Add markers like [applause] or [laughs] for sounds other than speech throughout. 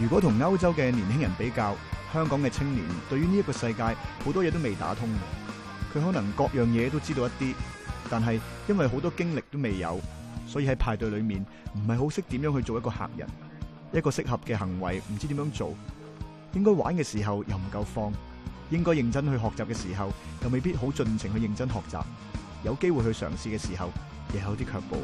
如果同歐洲嘅年輕人比較，香港嘅青年對於呢一個世界好多嘢都未打通。佢可能各樣嘢都知道一啲，但係因為好多經歷都未有，所以喺派對裏面唔係好識點樣去做一個客人，一個適合嘅行為唔知點樣做。應該玩嘅時候又唔夠放，應該認真去學習嘅時候又未必好盡情去認真學習。有機會去嘗試嘅時候，亦有啲卻步。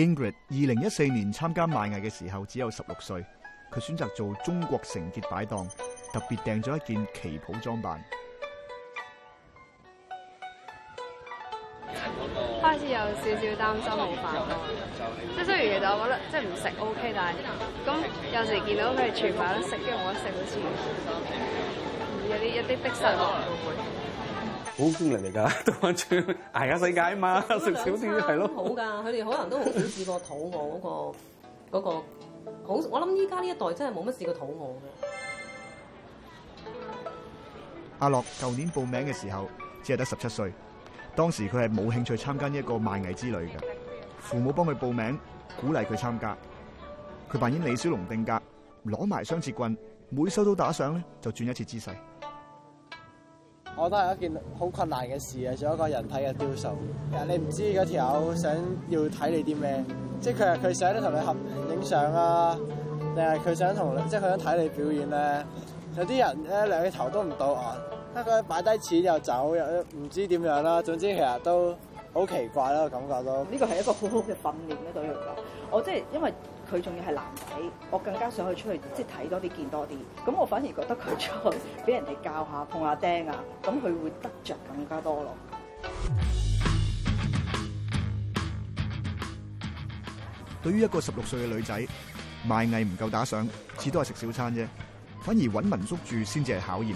Ingrid，二零一四年參加賣藝嘅時候只有十六歲，佢選擇做中國成結擺檔，特別訂咗一件旗袍裝扮。開始有少少擔心冒犯咯，即係雖然其實我覺得即係唔食 OK，但係咁有時見到佢哋全部都食，跟住我食好似一啲一啲迫身。好經歷嚟㗎，都翻出挨下世界啊嘛，食少少係咯。好噶，佢 [laughs] 哋可能都好少試過肚餓嗰、嗰個、嗰個，好我諗依家呢一代真係冇乜試過肚餓嘅。阿樂舊年報名嘅時候只係得十七歲，當時佢係冇興趣參加呢一個賣藝之旅嘅，父母幫佢報名鼓勵佢參加，佢扮演李小龍定格，攞埋雙截棍，每收到打賞咧就轉一次姿勢。我都係一件好困難嘅事啊！做一個人體嘅雕塑，你唔知嗰條友想要睇你啲咩，即係佢係佢想同你合影相啊，定係佢想同即係佢想睇你表演咧？有啲人咧兩頭都唔到岸，得佢擺低錢又走，又唔知點樣啦、啊。總之其實都好奇怪囉、啊。我感覺都呢個係一個好好嘅訓練咧，對佢嚟講。我即係因為。佢仲要係男仔，我更加想去出去，即係睇多啲、見多啲。咁我反而覺得佢出去俾人哋教下、碰下釘啊，咁佢會得着更加多咯。對於一個十六歲嘅女仔，賣藝唔夠打賞，只都係食小餐啫，反而揾民宿住先至係考驗。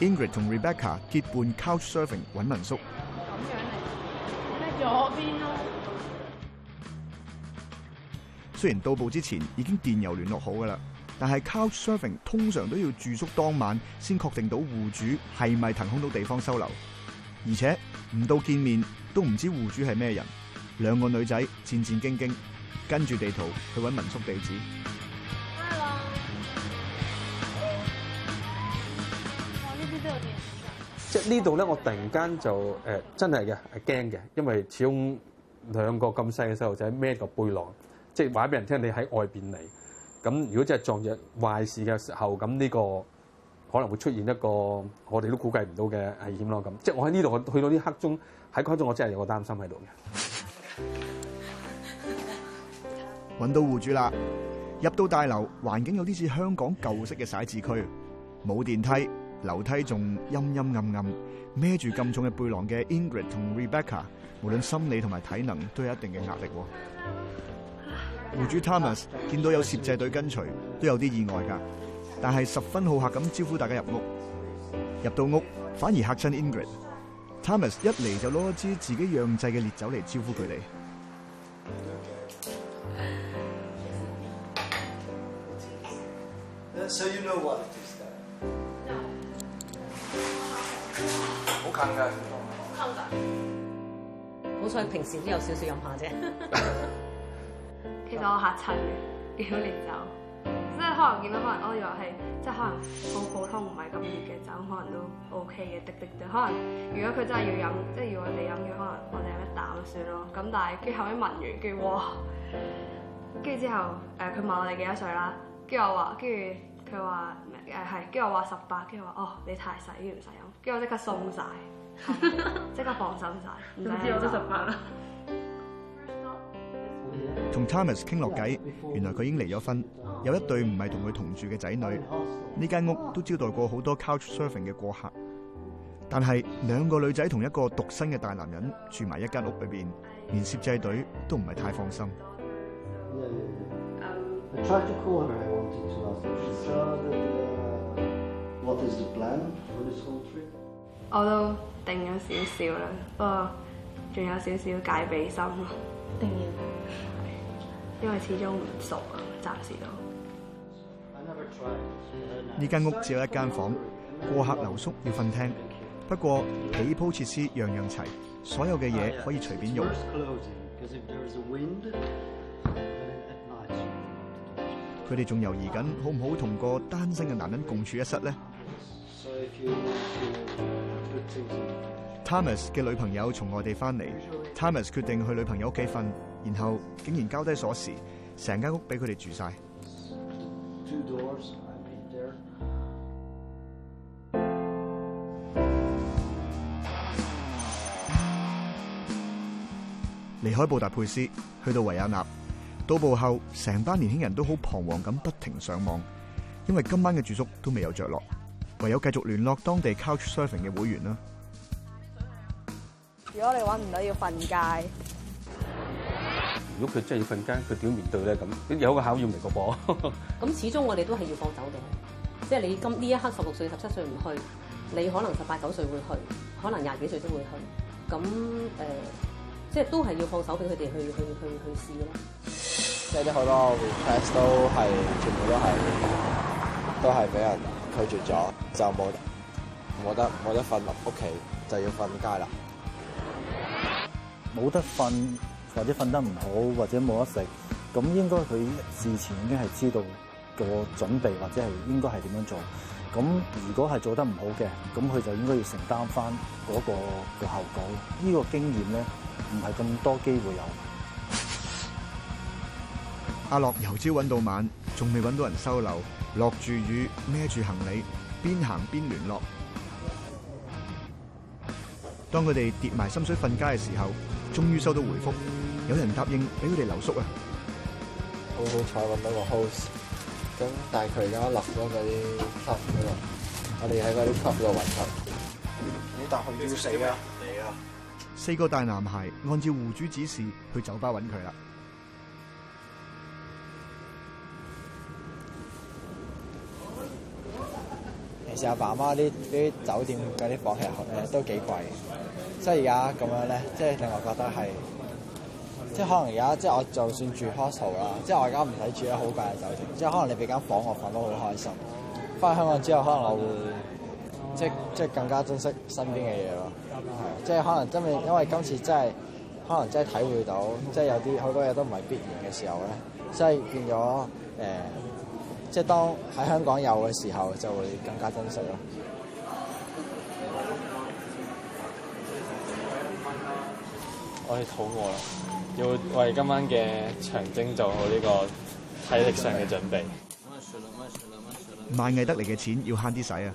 Ingrid 同 Rebecca 結伴 couch surfing 揾民宿。咁樣嚟，喺左邊咯。雖然到埗之前已經電郵聯絡好噶啦，但係 couchsurfing 通常都要住宿當晚先確定到戶主係咪騰空到地方收留，而且唔到見面都唔知戶主係咩人。兩個女仔戰戰兢兢跟住地圖去搵民宿地址 Hello。呢啲都有電視噶。即係呢度咧，我突然間就誒、呃，真係嘅係驚嘅，因為始終兩個咁細嘅細路仔孭個背囊。即係話俾人聽，你喺外邊嚟。咁如果真係撞着壞事嘅時候，咁呢個可能會出現一個我哋都估計唔到嘅危險咯。咁即係我喺呢度去到啲黑中喺嗰種，我，我真係有個擔心喺度嘅。揾到戶主啦！入到大樓，環境有啲似香港舊式嘅徙置區，冇電梯，樓梯仲陰陰暗暗。孭住咁重嘅背囊嘅 Ingrid 同 Rebecca，無論心理同埋體能都有一定嘅壓力喎。戶主 Thomas 見到有攝製隊跟隨，都有啲意外㗎，但係十分好客咁招呼大家入屋。入到屋反而嚇親 Ingrid。Thomas 一嚟就攞一支自己釀製嘅烈酒嚟招呼佢哋。嗯嗯嗯嗯嗯、好尷尬，好尷尬。好彩平時都有少少飲下啫。其實我嚇親嘅見到烈酒，即係可能見到可能我以為係即係可能好普通唔係咁烈嘅酒，可能都 O K 嘅滴滴啫。可能如果佢真係要飲，即係如果你飲嘅，可能我哋飲一啖算咯。咁但係跟住後尾聞完，跟住哇，跟住之後誒佢、呃、問我哋幾多歲啦，跟住我話，跟住佢話誒係，跟住、呃、我話十八，跟住話哦你太細，唔使飲，跟住我即刻鬆曬，即 [laughs] 刻放心曬，唔 [laughs] 知我都十八啦。 [laughs] 同 Thomas 傾落偈，原來佢已經離咗婚，有一對唔係同佢同住嘅仔女。呢間屋都招待過好多 couchsurfing 嘅過客，但係兩個女仔同一個獨身嘅大男人住埋一間屋裏邊，連攝製隊都唔係太放心。What is the plan for this? 我都定咗少少啦，不過仲有少少戒備心。因為始終唔熟啊，暫時都呢間屋只有一間房，過客留宿要瞓廳。不過起鋪設施樣樣齊，所有嘅嘢可以隨便用。佢哋仲猶豫緊，好唔好同個單身嘅男人共處一室呢？Thomas 嘅女朋友從外地翻嚟，Thomas 決定去女朋友屋企瞓。然後竟然交低鎖匙，成間屋俾佢哋住晒。離開布達佩斯，去到維也納，到埗後，成班年輕人都好彷徨咁，不停上網，因為今晚嘅住宿都未有着落，唯有繼續聯絡當地 couchsurfing 嘅會員啦。如果你搵唔到，要瞓街。如果佢真係要瞓街，佢點面對咧咁？有個考驗嚟個噃。咁 [laughs] 始終我哋都係要放手嘅，即係你今呢一刻十六歲、十七歲唔去，你可能十八九歲會去，可能廿幾歲都會去。咁誒，即係都係要放手俾佢哋去去去去試咯。即係啲好多 request 都係全部都係都係俾人拒絕咗，就冇冇得冇得瞓入屋企，家就要瞓街啦。冇得瞓。或者瞓得唔好，或者冇得食，咁應該佢事前已經係知道個準備，或者係應該係點樣做。咁如果係做得唔好嘅，咁佢就應該要承擔翻嗰個嗰個後果。呢個經驗咧，唔係咁多機會有。阿樂由朝揾到晚，仲未揾到人收留，落住雨，孭住行李，邊行邊聯絡。當佢哋跌埋心水瞓街嘅時候。終於收到回覆有人答應俾佢哋留宿啊！好好彩揾到個 house，咁但係佢而家淋咗嗰啲濕咗啦。我哋喺係個要濕嘅雲層，好大，要死啊！你啊！四個大男孩按照戶主指示去酒吧揾佢啦。其實阿爸阿媽啲啲酒店嗰啲房其實都幾貴。即係而家咁樣咧，即係令我覺得係，即係可能而家即係我就算住 hostel 啦，即係我而家唔使住喺好貴嘅酒店，即係可能你俾間房我瞓都好開心。翻去香港之後，可能我會即係即係更加珍惜身邊嘅嘢咯。即係可能真係因為今次真係可能真係體會到，即係有啲好多嘢都唔係必然嘅時候咧，即係變咗誒，即係當喺香港有嘅時候就會更加珍惜咯。我可以肚餓啦，要為今晚嘅長征做好呢個體力上嘅準備。賣藝得嚟嘅錢要慳啲使啊，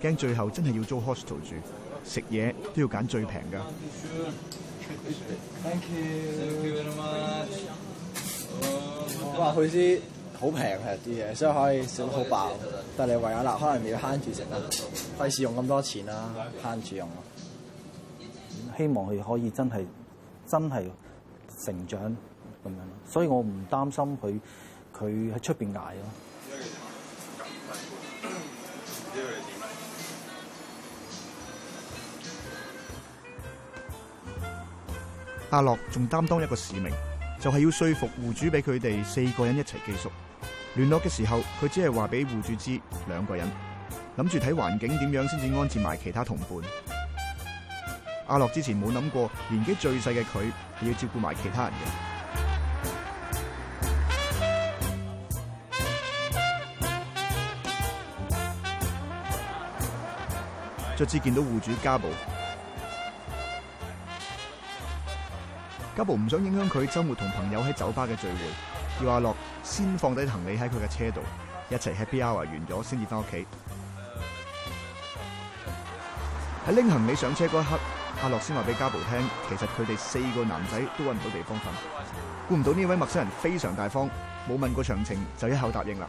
驚最後真係要租 hostel 住，食嘢都要揀最平㗎。我話佢啲好平係啲嘢，所以可以食得好飽。但係維也納可能你要慳住食，費事用咁多錢啦，慳住用。希望佢可以真係。真係成長咁樣，所以我唔擔心佢佢喺出邊捱咯。阿樂仲擔當一個使命，就係、是、要說服戶主俾佢哋四個人一齊寄宿。聯絡嘅時候，佢只係話俾戶主知兩個人，諗住睇環境點樣先至安置埋其他同伴。阿樂之前冇諗過，年紀最細嘅佢係要照顧埋其他人嘅。再次 [music] 見到戶主嘉寶，嘉寶唔想影響佢周末同朋友喺酒吧嘅聚會，叫阿樂先放低行李喺佢嘅車度，一齊 happy hour 完咗先至翻屋企。喺拎行李上車嗰一刻。阿樂先話俾家寶聽，其實佢哋四個男仔都揾唔到地方瞓，估唔到呢位陌生人非常大方，冇問過詳情就一口答應啦。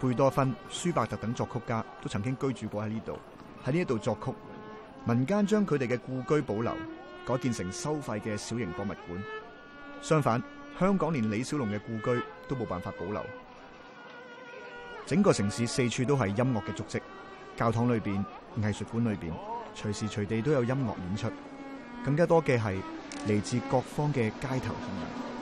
貝多芬、舒伯特等作曲家都曾經居住過喺呢度，喺呢度作曲。民間將佢哋嘅故居保留，改建成收費嘅小型博物館。相反，香港連李小龍嘅故居都冇辦法保留。整個城市四處都係音樂嘅足跡，教堂裏邊、藝術館裏邊，隨時隨地都有音樂演出。更加多嘅係嚟自各方嘅街頭表演。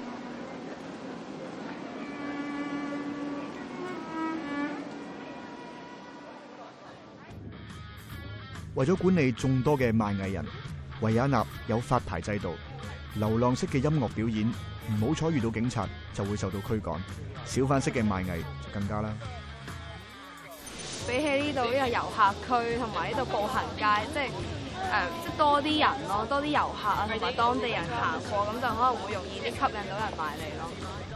為咗管理眾多嘅賣藝人，維也納有發牌制度。流浪式嘅音樂表演唔好彩遇到警察就會受到驅趕，小販式嘅賣藝就更加啦。比起呢度呢個遊客區同埋呢度步行街，即係誒、呃，即係多啲人咯，多啲遊客啊同埋當地人行過，咁就可能會容易啲吸引到人埋嚟咯。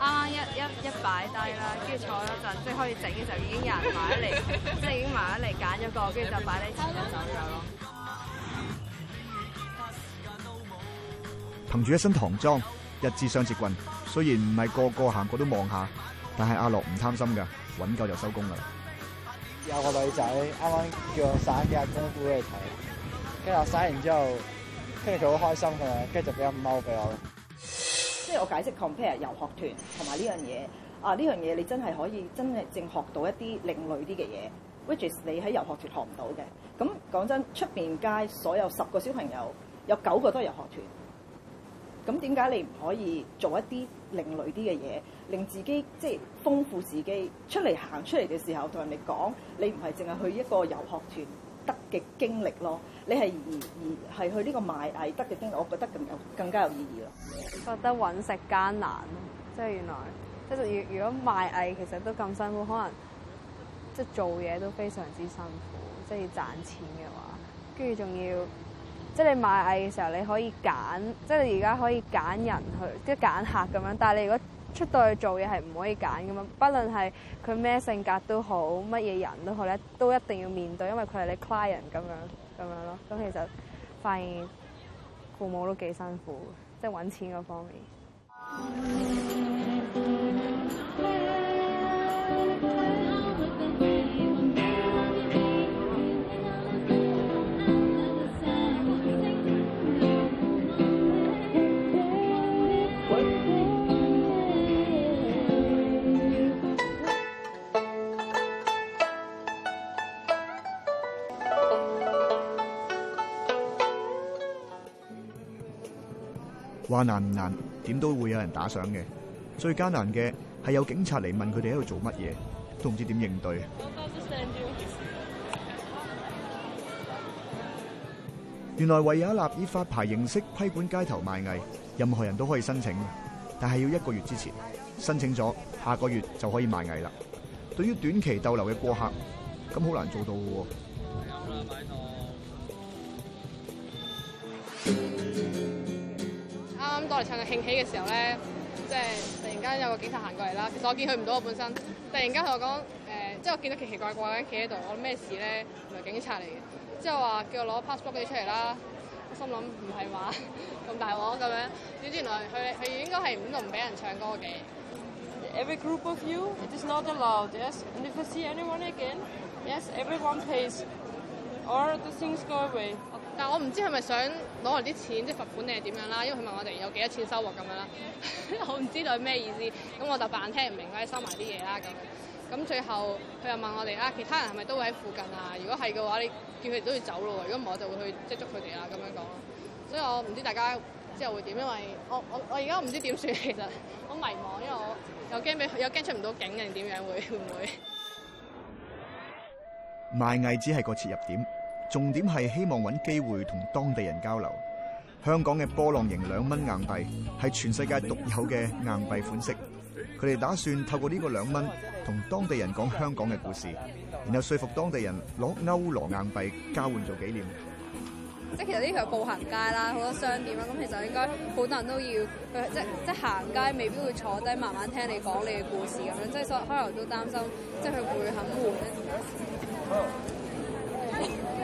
啱啱一一一擺低啦，跟住坐咗陣，即係可以整嘅時候已經有人買咗嚟，即係已經買咗嚟揀咗個，跟住就擺低走咗走咗咯。憑住一身唐裝，一支雙截棍，雖然唔係個個行過都望下，但係阿樂唔貪心㗎，揾夠就收工啦。有個女仔啱啱叫我耍幾下功夫俾佢睇，跟住我耍完之後，跟住佢好開心㗎，跟住就俾隻貓俾我。即係我解釋 compare 遊學團同埋呢樣嘢啊，呢樣嘢你真係可以真係正學到一啲另類啲嘅嘢，which is 你喺遊學團學唔到嘅。咁講真，出邊街所有十個小朋友有九個都係遊學團，咁點解你唔可以做一啲另類啲嘅嘢，令自己即係、就是、豐富自己出嚟行出嚟嘅時候同人哋講，你唔係淨係去一個遊學團得嘅經歷咯，你係而而係去呢個賣藝得嘅經歷，我覺得更有更加有意義咯。覺得揾食艱難咯，即係原來即係如如果賣藝其實都咁辛苦，可能即係做嘢都非常之辛苦，即係要賺錢嘅話，跟住仲要即係你賣藝嘅時候你可以揀，即係你而家可以揀人去，即係揀客咁樣，但係你如果出到去做嘢係唔可以揀嘅嘛，不論係佢咩性格都好，乜嘢人都好咧，都一定要面對，因為佢係你 client 咁樣咁樣咯。咁其實發現父母都幾辛苦，即係揾錢嗰方面。 [music] 話難唔難？點都會有人打賞嘅。最艱難嘅係有警察，嚟問佢哋喺度做乜嘢，都唔知點應對。原來維也納以發牌形式批管街頭賣藝，任何人都可以申請，但係要一個月之前申請咗，下個月就可以賣藝啦。對於短期逗留嘅過客，咁好難做到喎。唱緊慶喜嘅時候咧，即係突然間有個警察行過嚟啦。其實我見佢唔到我本身，突然間同我講誒，即係我見到奇奇怪怪咁企喺度，我咩事咧？唔係警察嚟嘅，即係話叫我攞 passport 畀你出嚟啦。我心諗唔係話咁大鑊咁樣，點知原來佢佢應該係唔容俾人唱歌嘅。Every group of you, it is not allowed. Yes, and if I see anyone again, yes, everyone pays or the things go away. 但我唔知係咪想攞嚟啲錢，即係罰款定係點樣啦？因為佢問我哋有幾多錢收穫咁樣啦，yeah. [laughs] 我唔知道係咩意思。咁我就扮聽唔明啦，收埋啲嘢啦咁。咁最後佢又問我哋啊，其他人係咪都會喺附近啊？如果係嘅話，你叫佢哋都要走咯。如果唔係，我就會去即捉佢哋啊咁樣講。所以我唔知大家之後會點，因為我我我而家唔知點算，其實好迷茫，因為我又驚俾又驚出唔到境定點樣會會。會唔會賣藝只係個切入點。重點係希望揾機會同當地人交流。香港嘅波浪形兩蚊硬幣係全世界獨有嘅硬幣款式。佢哋打算透過呢個兩蚊同當地人講香港嘅故事，然後說服當地人攞歐羅硬幣交換做紀念。即係其實呢條步行街啦，好多商店啦，咁其實應該好多人都要去，即即行街未必會坐低慢慢聽你講你嘅故事咁樣。即係所以開頭都擔心，即係佢會肯換？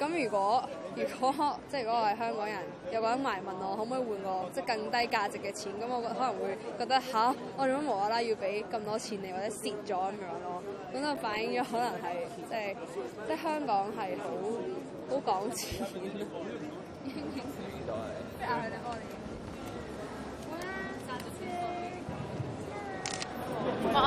咁如果如果即係如果我係香港人，有個人埋問我可唔可以換個即係更低價值嘅錢，咁我覺可能會覺得吓，我做乜無啦啦要俾咁多錢你，或者蝕咗咁樣咯，咁就反映咗可能係即係即係香港係好好講錢。 [laughs]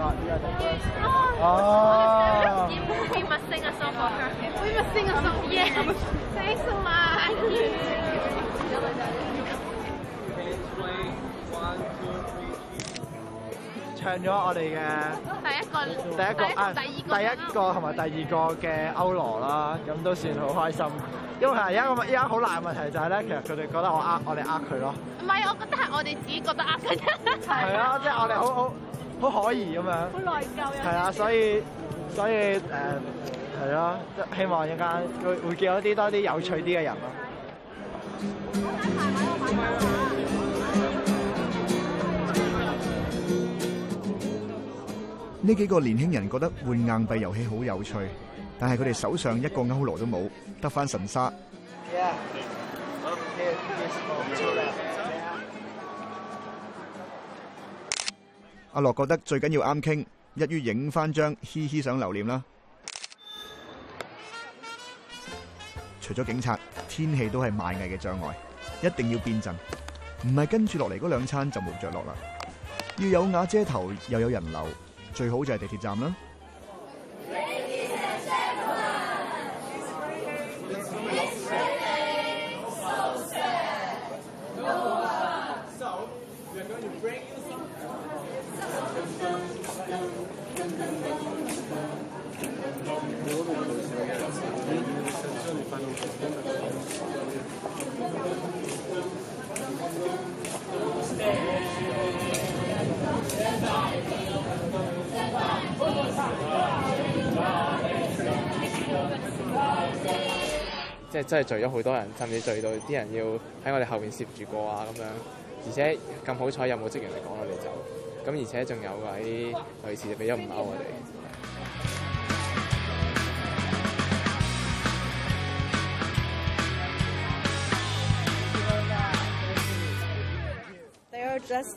啊、哦唱咗我哋嘅第一個，第一個,第一個啊，第一個同埋、啊、第,第二個嘅歐羅啦，咁都算好開心。因為係一個依家好難嘅問題，就係咧，其實佢哋覺得我呃我哋呃佢咯。唔係，我覺得係我哋自己覺得呃緊。係 [laughs] 啊，即係我哋好好。好可疑咁樣，好內疚啊，係啊，所以所以誒，係咯，希望一間佢會見到啲多啲有趣啲嘅人咯。呢幾個年輕人覺得換硬幣遊戲好有趣，但係佢哋手上一個歐羅都冇，得返神沙。阿樂覺得最緊要啱傾，一於影翻張嘻嘻相留念啦。除咗警察，天氣都係賣藝嘅障礙，一定要變陣，唔係跟住落嚟嗰兩餐就冇着落啦。要有瓦遮頭，又有人流，最好就係地鐵站啦。真係聚咗好多人，甚至聚到啲人要喺我哋後邊攝住過啊咁樣。而且咁好彩有冇職員嚟講我哋走，咁而且仲有位類似俾咗五歐我哋。They are just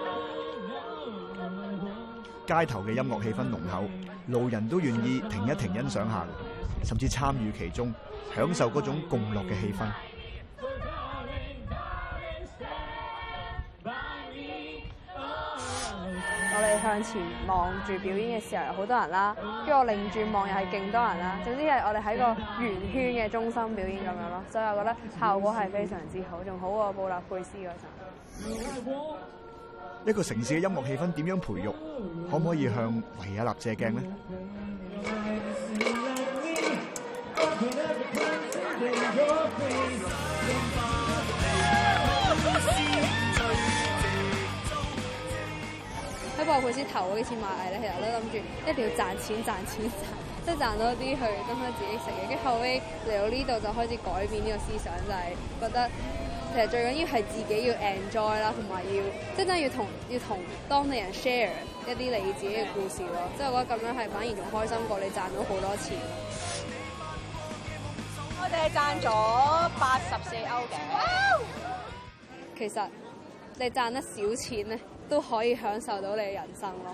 街頭嘅音樂氣氛濃厚，路人都願意停一停欣賞下，甚至參與其中，享受嗰種共樂嘅氣氛。 [music] [music] 我哋向前望住表演嘅時候，有好多人啦，跟住我擰轉望又係勁多人啦。總之係我哋喺個圓圈嘅中心表演咁樣咯，所以我覺得效果係非常之好，仲好過布達佩斯嗰陣。 [music] 一個城市嘅音樂氣氛點樣培育？可唔可以向維也納借鏡咧？喺布達佩斯頭嗰幾次賣藝咧，其實都諗住一定要賺錢賺錢賺，即係賺多啲去供翻自己食嘅。跟後尾嚟到呢度就開始改變呢個思想，就係覺得。其實最緊要係自己要 enjoy 啦，同埋要即係真真要同要同當地人 share 一啲你自己嘅故事咯。即係我覺得咁樣係反而仲開心過你賺到好多錢。我哋係賺咗八十四歐嘅。其實你賺得少錢咧，都可以享受到你嘅人生咯。